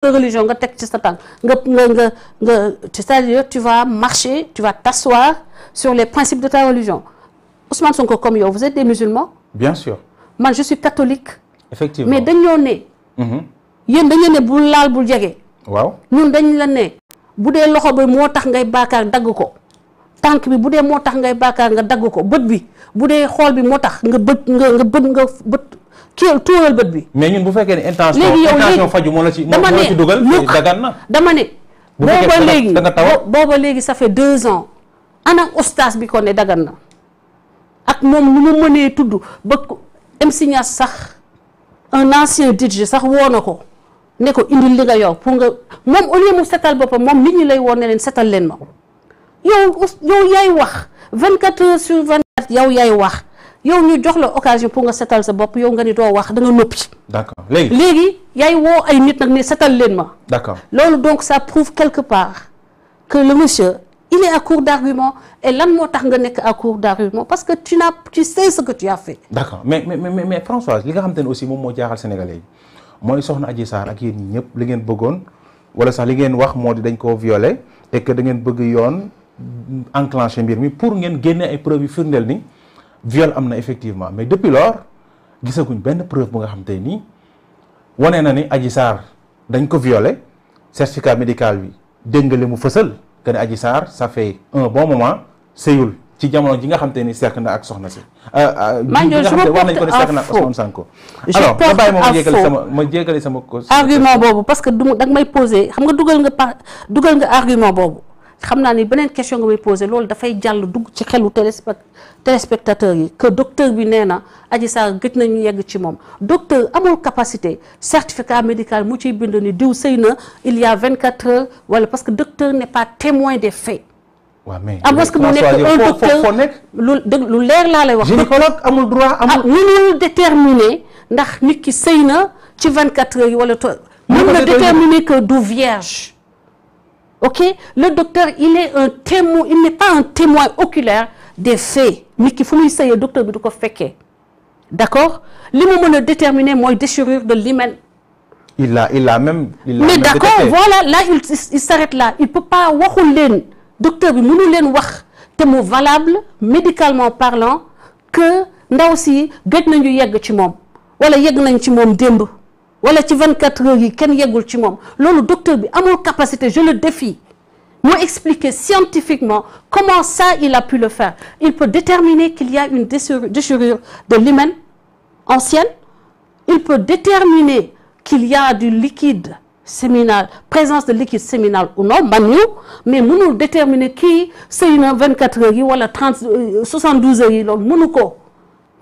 religion nga teg ci sa tànk nga nga nga nga c'est-à-dire tu vas marcher tu vas t'asseoir sur les principes de ta religion Ousmane Sonko comme yow vous êtes des musulmans bien sûr man je suis catholique effectivement mais dañoo ne mhm. yéen dañoo ne bul laal bul jege waaw dañ la ne bu dee loxo bi moo tax ngay baakaar dagg ko tànk bi bu dee moo tax ngay baakaar nga dagg ko bët bi bu dee xool bi moo tax nga bët nga bët tuural tuural bët bi. mais ñun bu fekkee ne intention. léegi yow intention faju moo la ci moo la ci dugal. dagan na dama ne. bu booba léegi booba léegi ça fait deux ans ana oustaz bi ko ne dagan na ak moom nu mu mënee tudd ba MC Niass sax un ancien DJ sax woo na ko ne ko li nga yow pour nga moom au lieu mu setal boppam moom nit ñi lay woon ne leen setal leen ma yow yow yaay wax 24 heures sur 24 yow yaay wax. yow ñu jox la occasion pour nga setal sa bopp yow nga ni doo wax da nga noppi. d'accord léegi léegi yaay woo ay nit nag ne setal leen ma. d'accord loolu donc ça prouve quelque part que la monsieur il est à court d'argument et lan moo tax nga nekk à court d'argument parce que tu n'as tu sais ce que tu as fait. d'accord mais mais Françoise li nga xam te ne aussi moom moo jaaxal Sénégalais mooy soxna aji Sarr ak yéen ñi ñëpp li ngeen bëggoon wala sax li ngeen wax moo di dañ koo violer et que bëgg yoon enclencher mbir mi pour ngeen génne ay preuves yu firndeel viol am na effectivement mais depuis lors gisaguñ benn preuve bu nga xam te nii wane na ni Adji Sarr dañ ko violé certificat médical bi dégg mu fësal que ne Adji Sarr ça fait un bon moment sëyul ci jamono ji nga xam te ni sekk na ak soxna si. Euh, euh, man de porte wax nañ ko ne sekk na ak Ousmane Sonko. alors ma bàyyi ma jéggale sama ma jéggale sama argument boobu parce que du da nga may posé xam nga dugal nga par dugal nga argument boobu. xam naa ni beneen question nga may posé loolu dafay jàll dugg ci xelu téléspect téléspectateur yi que docteur bi nee na Adji Sarr gëj nañu yegg ci moom docteur amul capacité certificat médical mu ciy bind ni diw sëy na il y a 24 heures wala parce que docteur n'est pas témoin des faits. waaw mais ah parce que mu nekk un docteur lu dëgg lu leer laa lay wax. gynécologue amul droit ah, amul. ah mënul déterminer ndax nit ki sëy na ci 24 heures yi wala. mën na déterminer que du vierge. ok le docteur il est un témoin il n'est pas un témoin oculaire des faits nit ki fu muy sëyee docteur bi du ko fekkee d'accord li mu mën a déterminer mooy déchirure de l'hymen il a il a même il a mais d'accord voilà là il il s'arrête là il peut pas waxul leen docteur bi mënu leen wax te mu valable médicalement parlant que ndaw si gëj nañu yegg ci moom wala yegg nañ ci moom démb wala ci 24 heures yi kenn yeggul ci moom loolu docteur bi amul capacité je le défie moo expliquer scientifiquement comment ça il a pu le faire il peut déterminer qu'il y a une déchirure de l'hymen ancienne il peut déterminer qu'il y a du liquide séminal présence de liquide séminal ou non maniu mais mënul déterminer kii sëy na 24 heures yi wala 30 72 euh, heures yi loolu mënu ko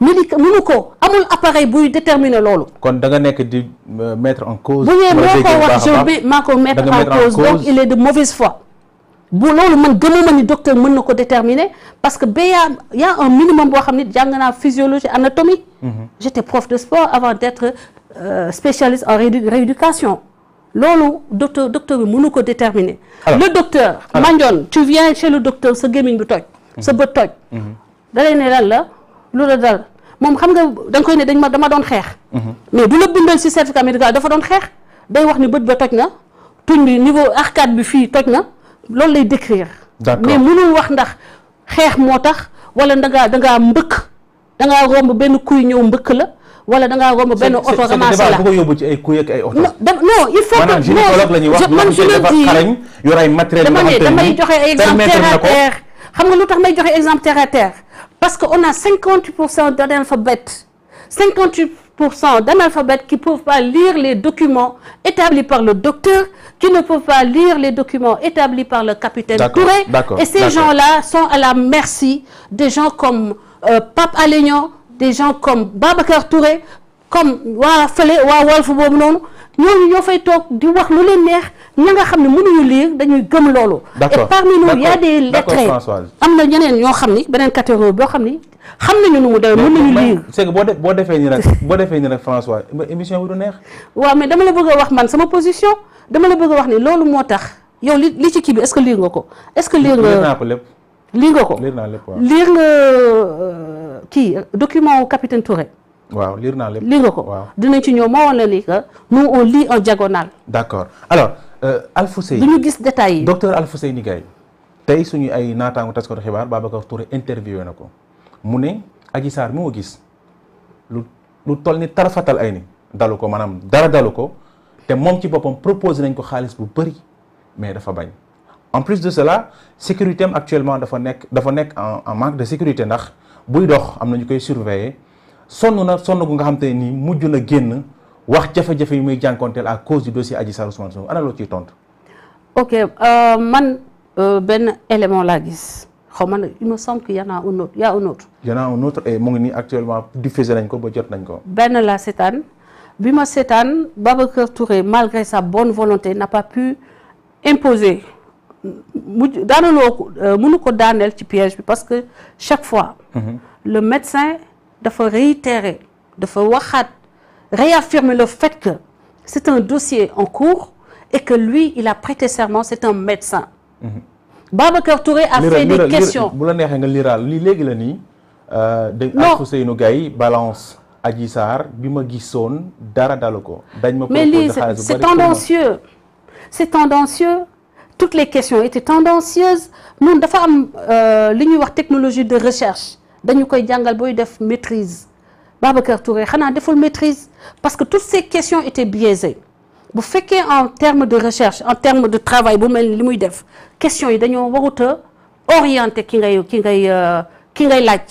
médica mënu ko amul appareil buy déterminer loolu. kon da nga nekk di euh, mettre en cause. bu ñëwee moo ko wax jour bi maa ko mettre en cause donc il est de mauvaise foi. bu loolu man gëmuma ni docteur mën na ko déterminer parce que ba yaa y a un minimum boo xam ne jàng naa physiologie anatomie. Mm-hmm. j'étais prof de sport avant d'être euh, spécialiste en rééducation. loolu docteur docteur bi mënu ko déterminer. le docteur. alors Mandione tu viens chez le docteur sa gémmiñ bu toj. sa mm-hmm. bët toj. Mm-hmm. da lay ne la. lu la dal moom xam nga da koy ne dañ ma dama doon xeex mhm. mais du la bindal si certificat médical dafa doon xeex day wax ni bët ba toj na tuñ bi niveau arcade bi fii toj na loolu lay décrire mais mënul wax ndax xeex moo tax wala da ngaa da ngaa mbëkk da ngaa romb benn kuy ñëw mbëkk la wala da romb benn oto ramassé la ko yóbbu ci ay kuy ak ay oto non il faut que gynécologue la ñuy wax man je le dis xarañ damay joxe ay exemple terre à terre xam nga lu tax may joxe exemple terre à terre Parce qu'on a 50% d'analphabètes, 58% d'analphabètes qui ne peuvent pas lire les documents établis par le docteur, qui ne peuvent pas lire les documents établis par le capitaine Touré. Et ces gens-là sont à la merci des gens comme euh, Pape Alignon, des gens comme Babacar Touré, comme Wafale, Wawalf Bobnon, ñooñu ñoo fay toog di wax lu leen neex ña nga xam ne mënuñu lire dañuy gëm loolu. et parmi nous y a des lettrés am na ñeneen ñoo xam ni beneen catégorie boo xam ni xam nañu nu mu demee mën nañu lire. c'est boo de boo defee nii nag boo defee nii nag François émission bi du neex. waaw mais dama la bëgg a wax man sama position dama la bëgg a wax ni loolu moo tax yow li li ci kii bi est-ce que lire nga ko. est-ce que lire nga lire naa ko lépp. lire nga ko euh, kii document capitaine waaw liir naa lépp lire nga ko. waaw dinañ ci ñëw ma woon la ni que nous on lit en diagonale. d' accord alors euh, Alfousseyni. du ñu gis détails yi docteur Alfousseyni Gaye tey suñu ay naataangu taskatu xibaar Babacar Touré interviewé na ko mu ne Adji moo gis lu lu toll ni tarafatal ay ni dalu ko maanaam dara dalu ko te moom ci boppam proposé nañ ko xaalis bu bëri mais dafa bañ en plus de cela sécurité am actuellement dafa nekk dafa nekk en manque de sécurité ndax buy dox am na ñu koy surveiller. sonn na sonn gu nga xam te ne nii mujj na génn wax jafe-jafe yi muy jànkonteel à cause du dossier Adji Sarr Ousmane Sonko ana loo ciy tontu. ok euh, man euh, benn élément laa gis xaw ma na il me semble que y en a un autre y a un autre. y mu ngi nii actuellement diffusé nañ ko ba jot nañ ko. benn laa seetaan bi ma seetaan Babacar Touré malgré sa bonne volonté n'a pas pu imposer mu daanaloo ko euh, mënu ko daaneel ci piège bi parce que chaque fois. Mm le médecin. dafa réitérer dafa waxaat réaffirmer le fait que c'est un dossier en cours et que lui il a prêté serment c'est un médecin mm -hmm. Babacar Touré a lira, fait lira, des questions bu la neexee nga liral lii léegi la nii euh, dañ ak Ousseynou Gaye balance Adji Sarr bi ma gisoon dara dalu ko dañ ma mais lii c'est tendancieux c'est tendancieux toutes les questions étaient tendancieuses ñun dafa am euh, li ñuy wax technologie de recherche dañu koy jàngal booy def maîtrise Babacar Touré xanaa deful maîtrise parce que toutes ces questions étaient biaisées bu fekkee en terme de recherche en terme de travail bu mel ni li muy def question yi dañoo warut a orienté ki ngay ki ngay euh, ki ngay laaj.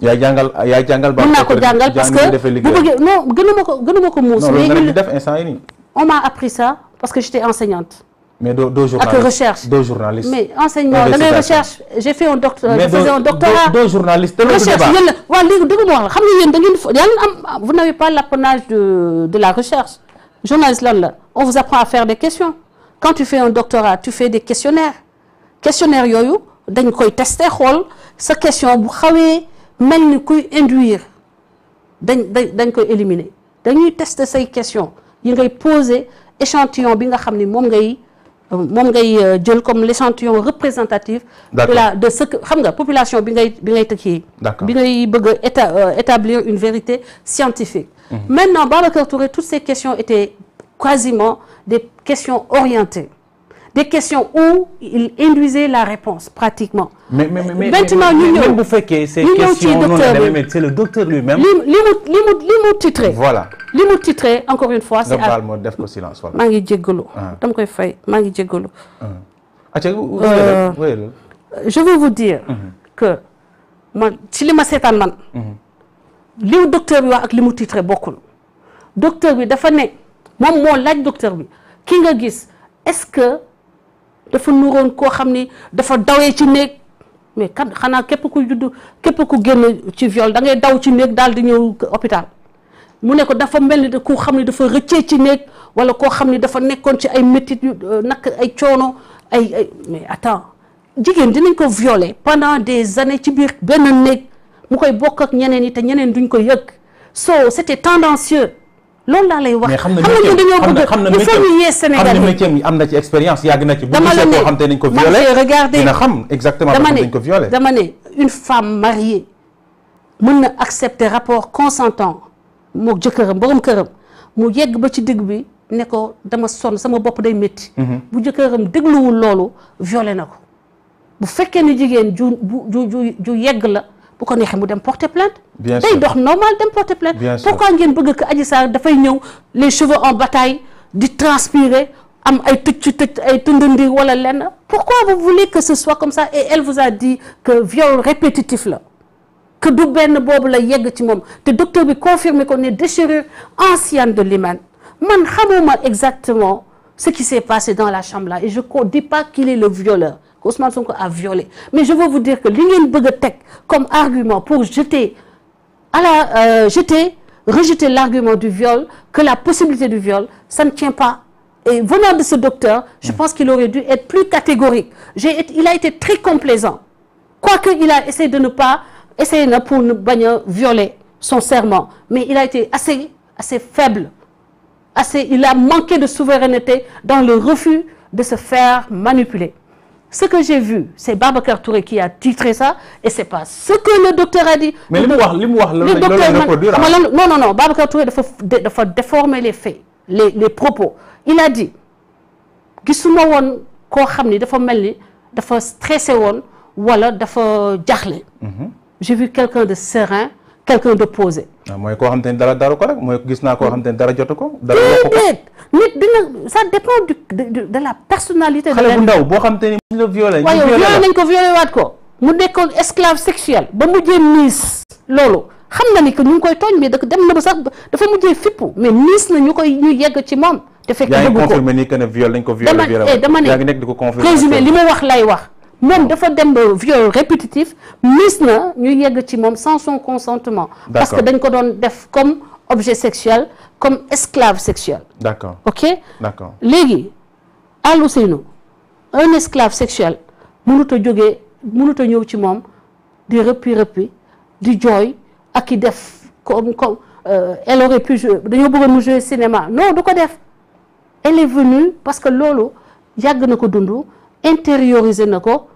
yaa jàngal yaa jàngal. mën naa ko jàngal parce que bu bëggee non gënu ko gënu ma ko muus. mais def instant yi nii. on m'a appris ça parce que j'étais enseignante. mais doo doo journaliste ak recherche doo journaliste. mais enseignement da ngay recherche j'ai fait un doctorat euh, je faisais un doctorat mais doo journaliste. recherche yéen la waaw léegi dëgg moo xam nga yéen da ngeen di am ah, vous n'avez pas l'apanage de de la recherche journaliste lan la on vous apprend à faire des questions quand tu fais un doctorat tu fais des questionnaires questionnaires yooyu dañ koy tester xool sa question bu xawee mel ni kuy induire dañ dañ dañ koy éliminer dañuy tester say questions yi ngay poser échantillon bi nga xam ni moom ngay. moom ngay euh, jël comme l'échantillon représentatif de la de ce que xam nga population bi ngay bi ngay tëkkee bi ngay bëgg a euh, établir une vérité scientifique mhm. maintenant Babacar Touré toutes ces questions étaient quasiment des questions orientées des questions où il induisait la réponse pratiquement. mais mais mais maintenant ñu ñëw même bu fekkee ces questions noonu la demee mais c'est le mu li voilà li mu titré encore une fois. c'est à moo def ko silence voilà. maa ngi jéggalu. Ah. koy fay maa ngi jéggalu. Ah. Euh, je veux vous dire. Mm-hmm. que man ci li ma seetaan man. Mm-hmm. li docteur bi wax ak li mu titré bokkul. docteur bi dafa ne moom moo laaj docteur bi ki gis est-ce que. dafa nuroon koo xam ni dafa dawee ci néeg mais kan xanaa képp ku judd képp ku génn ci viol dangay daw ci néeg daal di ñëw hôpital mu ne ko dafa mel ni ku xam ne dafa rëccee ci néeg wala koo xam ne dafa nekkoon ci ay métit yu euh, nak ay coono ay ay mais attends jigéen dinañ ko violer pendant des années ci biir benn néeg mu koy bokk ak ñeneen yi te ñeneen duñ ko yëg so c'était tendancieux loolu laa lay wax xam nga dañoo bëgg xam na métier mi am na ci expérience yàgg na ci bu gisee koo xam te nañ ko violé regardé dina xam exactement dama ne dañ ko violé dama ne une femme mariée mën na accepter rapport consentant mook jëkkëram borom këram mu yegg ba ci digg bi ne ko dama sonn sama bopp day métti mhm. bu jëkkëram dégluwul loolu violé na ko bu fekkee ni jigéen ju ju ju ju yegg la bu ko neexee mu dem porter plainte day dox normal dem porter plainte pourquoi ngeen bëgg que Adji Sarr dafay ñëw les cheveux en bataille di transpirer am ay tëcc tëcc ay tëndandi wala lenn pourquoi vous voulez que ce soit comme ça et elle vous a dit que viol répétitif la que du benn boobu la yegg ci moom te docteur bi confirmé ko ne déchirure ancienne de l'hymen man xamuma exactement ce qui s'est passé dans la chambre là et je ne pas qu'il est le violeur Ousmane Sonko a violé mais je veux vous dire que li ngeen bëgg a teg comme argument pour jeter à la euh, jeter rejeter l'argument du viol que la possibilité du viol ça ne tient pas et venant de ce docteur je mm. pense qu'il aurait dû être plus catégorique j'ai il a été très complaisant quoique il a essayé de ne pas essayer na pour ne bañ a violer son serment mais il a été assez assez faible assez il a manqué de souveraineté dans le refus de se faire manipuler ce que j'ai vu c'est Babacar Touré qui a titré ça et c'est pas ce que le docteur a dit. mais li mu wax li mu wax loolu docteur ah? non non non Babacar Touré dafa dafa déformer les faits les les propos il a dit gisuma woon koo xam ni dafa mel ni dafa stressé woon wala dafa jaaxle. Mhm. j'ai vu quelqu'un de serein. quelqu'un de posé. waaw ah, mooy koo xam te ne dara daru ko rek mooy gis naa koo xam te ne dara jotu ko. dara yokku ko nit dina ça dépend du de la personnalité. de xale bu ndaw boo xam te ne mu la ko violé waat ko. mu nekkoon esclave sexuel ba mujjee niis loolu xam na ni que ñu ngi koy tooñ mais ba sax dafa mujjee fippu mais niis na ñu koy ñu yegg ci moom. te fekk dëgg ko yaa ngi confirmé ni que ne viol nañ ko violé. violé eh, dama li mu wax lay wax. moom dafa dem ba viol répétitif mis na ñuy yegg ci moom sans son consentement parce que dañ ko doon def comme objet sexuel comme esclave sexuel d'accord ok d'accord léegi àllu seyno un esclave sexuel mënut a jógee mënut a ñëw ci moom di rëppi rëppi di jooy ak ki def comme comme euh, elle aurait pu jouer dañoo bëggoon mu jouer cinéma non du ko def elle est venue parce que loolu yàgg na ko dund intériorisé na ko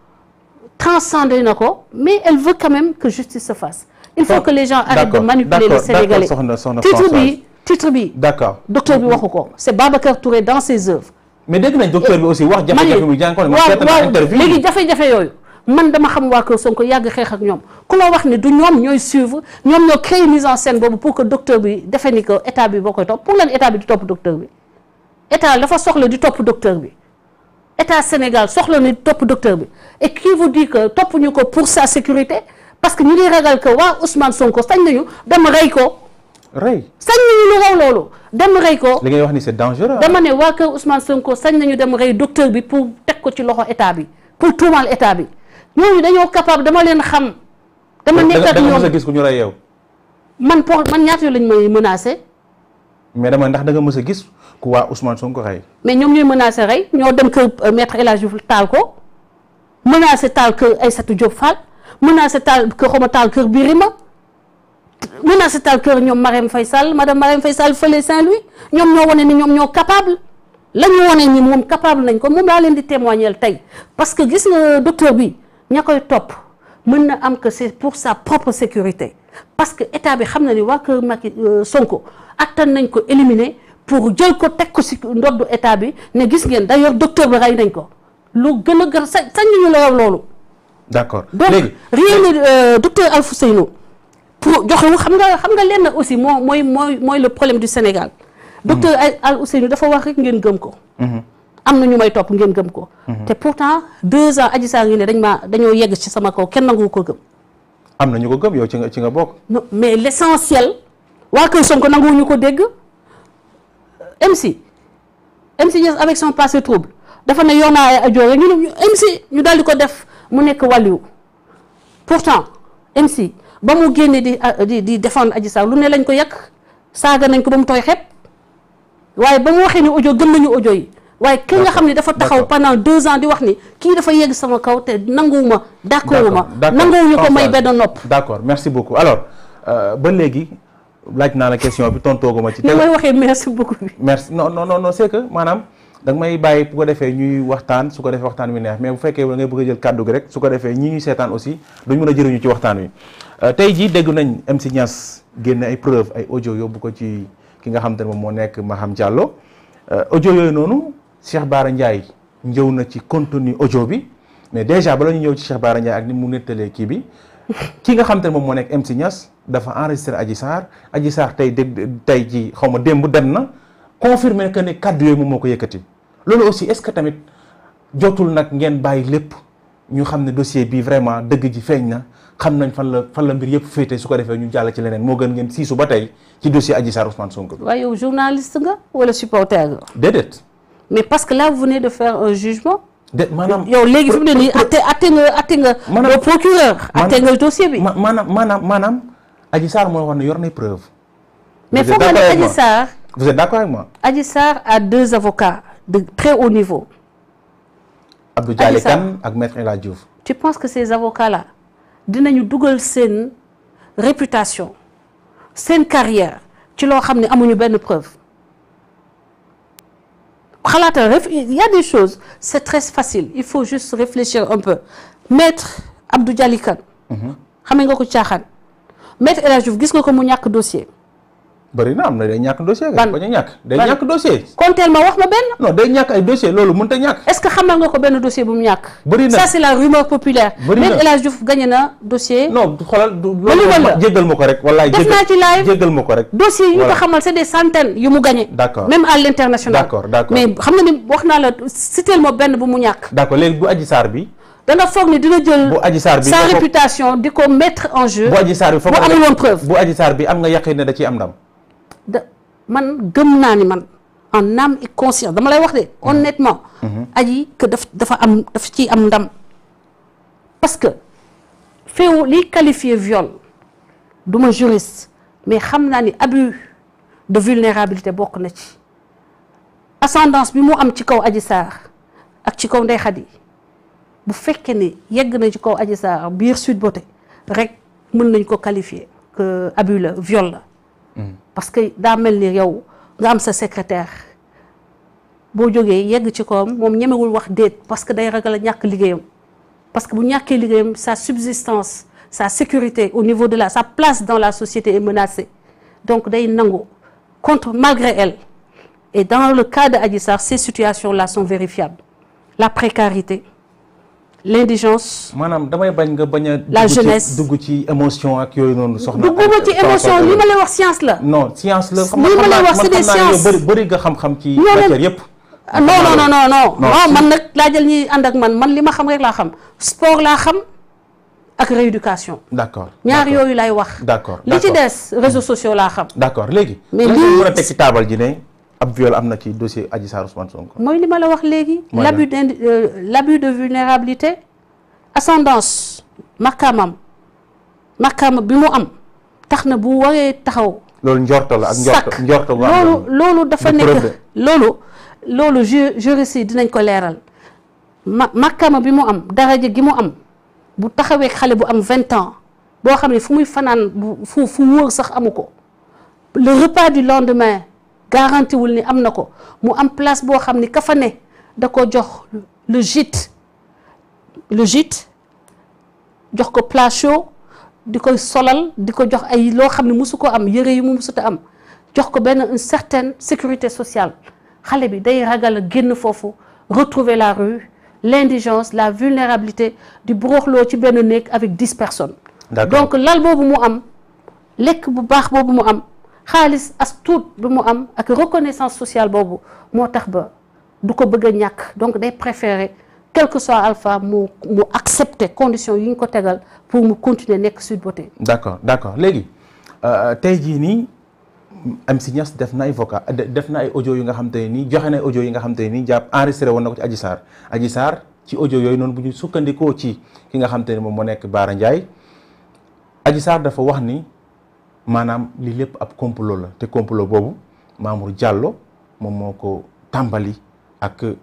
transcender na ko mais elle veut quand même que justice se fasse il faut que les gens arrêtent de manipuler le Sénégalais titre bi d'accord docteur bi waxu ko c'est Babacar Touré dans ses œuvres mais dégg nañ docteur bi aussi wax jafe-jafe bi jànkoon jafe-jafe yooyu man dama xam waa Kër Sonko yàgg xeex ak ñoom ku la wax ne du ñoom ñooy suivre ñoom ñoo créé mise en scène boobu pour que docteur bi defe ni que état bi boo koy topp pour lan état bi di topp docteur bi état dafa soxla di topp docteur bi état Sénégal soxla ni topp docteur bi et qui vous dit que topp ñu ko pour sa sécurité parce que ñu ngi ragal que waa Ousmane Sonko sañ nañu dem rey ko. sañ nañu lu raw loolu dem rey ko. li ngay wax ni c'est dangereux. dama ne waa kër Ousmane Sonko sañ nañu dem rey docteur bi pour teg ko ci loxo état bi pour tuumaal état bi ñooñu dañoo capable dama leen xam. dama nekk ak ñoom da nga mës a gis ku ñu rey yow. man pour man ñaata lañ may menacé. mais dama ndax da nga mës a gis ku waa Ousmane Sonko rey. mais ñoom ñooy menacé rey ñoo dem kër euh, maître El Hadj Diouf taal ko menacé taal kër Aïssatou Diop Fall menacé taal kër xaw ma taal kër Birima menacé kër ñoom Marème fay Sall madame Marème fay Sall fële Saint-Louis ñoom ñoo wane ni ñoom ñoo capable la ñu wane ni moom capable nañ ko moom laa leen di témoigner tey parce que gis nga docteur bi ña koy topp mën na am que c'est pour sa propre sécurité parce que état bi xam na ni waa kër Macky euh, Sonko. attan nañ ko éliminer pour jël ko teg ko si ndoddu état bi ne gis ngeen d'ailleurs docteur bi rey nañ ko lu gën a gën sa sañ nañu la yow loolu. d'accord donc rien ne euh, docteur Alfousseynou pour joxewu xam nga xam nga lenn aussi moo mooy mooy mooy le problème du Sénégal. docteur mhm. Alfousseynou dafa wax rek ngeen gëm ko. Mhm. am na ñu may topp ngeen gëm ko. Mhm. te pourtant deux ans Adji Sarr ngi ne dañ maa dañoo yegg ci sama kaw kenn nangu ko gëm. am na ñu ko gëm yow ci nga ci nga bokk. non mais l'essentiel. waa kër Sonko nanguwuñu ko dégg MC MC Niass avec son passé trouble dafa ne yor naa ay ajoore ñu ne MC ñu daal di ko def mu nekk wàlliwu pourtant MC ba mu génne di ah, di di défendre Adji Sarr lu ne lañ ko yàq saaga nañ ko ba mu tooy xepp waaye ba mu waxee ni audio gëm nañu audio yi. waaye ki nga xam ne dafa taxaw pendant deux ans di wax ni kii dafa yegg sama kaw te nanguwuma. d' accord d' accord nanguwuñu ko may benn nopp. d' accord merci beaucoup alors euh, ba léegi. laaj naa la question bi tontoo ko ma ci. ni may waxee merci beaucoup. merci non non non maanaam da may bàyyi bu ko defee ñuy waxtaan su ko defee waxtaan wi mais bu fekkee da ngay bëgg a jël kàddu gi ko defee ñi ñuy seetaan aussi duñ mën a jëriñu ci waxtaan wi. Euh, tey jii dégg nañ MC Niass génne ay preuve ay audio yóbbu ko ci ki nga xam te ne moom moo nekk Maham Diallo euh, audio yooyu noonu Cheikh Bara Ndiaye ñëw na ci contenue audio bi mais déjà bala ñu ñëw ci Cheikh Bara Ndiaye ak ni mu nettalee kii bi. ki nga xam te moom moo nekk MC Niass dafa enregistré Adji Sarr Adji Sarr tey dégg tey ji xaw ma démb dem na confirmé que ne kàddu yooyu moom moo ko yëkkati loolu aussi est-ce que tamit jotul nag ngeen bàyyi lépp ñu xam ne dossier bi vraiment dëgg ji feeñ na xam nañ fan la fan la mbir yëpp féete su ko defee ñu jàll ci leneen moo gën ngeen siisu ba tey ci dossier Adji Sarr Ousmane Sonko. waaye yow journaliste nga wala supporter nga. déedéet. mais parce que là vous de faire de maanaam yow léegi fi mu ne nii atte nga atte nga. maanaam procureur atte nga dossier bi. maanaam maanaam maanaam Adji Sarr moo wax yor na preuve. mais foog nga ne Adji Sarr vous êtes d'accord avec moi. Adji Sarr a deux avocats de très haut niveau. Abdou Diallo ak maître la Hadj Diouf. tu penses que ces avocats là dinañu dugal seen réputation seen carrière ci loo xam ne amuñu benn preuve. xalaatal ref il y des choses c'est très facile il faut juste réfléchir un peu maitre Abdou Dialy Kane. Mhm. xamee nga ko caaxaan maître El Hadj gis nga ko mu ñàkk dossier. bëri na am na day ñàkk dossier ban bañ a ñàkk day ñàkk dossier konteel ma wax ma benn non day ñàkk ay dossier loolu mënut a ñàkk est-ce que xamal nga ko benn dossier bu mu ñàkk bëri na ça c'est la rumeur populaire bëri na El Hadj Diouf gagné na dossier non xoolal loolu jéggal ma ko rek wallaay def naa ci live jéggal ma ko rek dossier yi ñu ko xamal c'est des centaines yu mu gagné d'accord même à l'international d'accord d'accord mais xam nga ni wax naa la citeel ma benn bu mu ñàkk d'accord léegi bu Adji Sarr bi danga foog ni dina jël bu Adji Sarr bi sa réputation di ko mettre en jeu bu Adji Sarr bi foog bu amul woon preuve bu Adji Sarr bi am nga yaqin ne da ciy am ndam da man gëm naa ni man en âme et conscience dama lay wax de mhm. honnêtement. Mhm. aji que daf dafa am daf ci am ndam. parce que féew liy qualifié viol du ma mais xam naa ni abus de vulnérabilité bokk na ci ascendance bi mu am ci kaw aji saar ak ci kaw ndey xadi bu fekkee ni yegg nañ ci kaw aji saar biir Sweet Beauté rek mën nañ ko qualifier que abus la viol la. Mhm. parce que daa mel ni yow nga am sa secrétaire boo jógee yegg ci kawam moom ñemewul wax déet parce que day ragal a ñàkk liggéeyam parce que bu ñàkkee liggéeyam sa subsistance sa sécurité au niveau de la sa place dans la société est menacée donc day nangu contre malgré elle et dans le cas de Adji Sarr ces situations-là sont vérifiables la précarité l'indigence maanaam damay bañ nga bañ la jeunesse dugg ci émotion ak yooyu noonu. soxna dugguma ci émotion li ma lay wax science la. non science la xam nga xam bëri bëri nga xam-xam ci matière yëpp. Ah, non non non non non non ah, man nag laa jël ñuy ànd ak man man li ma xam rek laa xam sport laa xam ak rééducation. d'accord ñaar yooyu lay wax. d'accord li ci des réseaux sociaux laa xam. d'accord léegi. mais lii a teg ci taabal ji ne. ab viol am na ci dossier Adji Sarr Ousmane Sonko. mooy li ma la wax léegi. la abus de euh, l' abus de vulnérabilité. ascendance makkaamam makkaama bi mu am tax na bu waree taxaw. loolu njorto la ak njorto njorto loolu loolu dafa nekk loolu. loolu ju dinañ ko leeral ma bi mu am daraja gi mu am bu taxawee xale bu am vingt ans boo xam ne fu muy fanaan fu fu sax amu ko le repas du lendemain. garanti wul ni am na ko mu am place boo xam ni ka fa ne da ko jox le gîte le gîte jox ko place chaud di ko solal di ko jox ay loo xam ne musu ko am yëre yi mu musuta am jox ko benn une certaine sécurité sociale xale bi day ragal a génn foofu retrouver la rue l'indigence la vulnérabilité di buruxloo ci benn néeg avec dix personnes donc lal boobu mu am lekk bu baax boobu mu am xaalis as tuut bi mu am ak reconnaissance sociale boobu moo tax ba du ko bëgg a ñàkk donc day préférer quel que soit alpha mu mu accepter conditions yu ñu ko tegal pour mu continuer nekk Sweet Beauté. d' accord d' accord léegi euh, tey jii nii si Niass def na ay vocal def na ay audio yi nga xam te ne nii joxe na ay audio yi nga xam te ne nii jàpp enregistré woon na ko ci Adji Sarr Adji Sarr ci audio yooyu noonu bu ñu sukkandikoo ci ki nga xam te ne moom moo nekk Baara Ndiaye Adji Sarr dafa wax ni. maanaam lii lépp ab complot la te complot boobu Mamour Diallo moom moo ko tàmbali ak euh,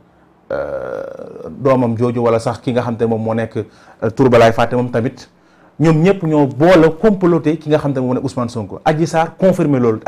doomam jooju wala sax ki nga xamte moom moo nekk euh, tour Tourbalaay Fàtte moom tamit ñoom ñëpp ñoo boole comploté ki nga xam te moom moo nekk Ousmane Sonko Adji Sarr confirmé loolu.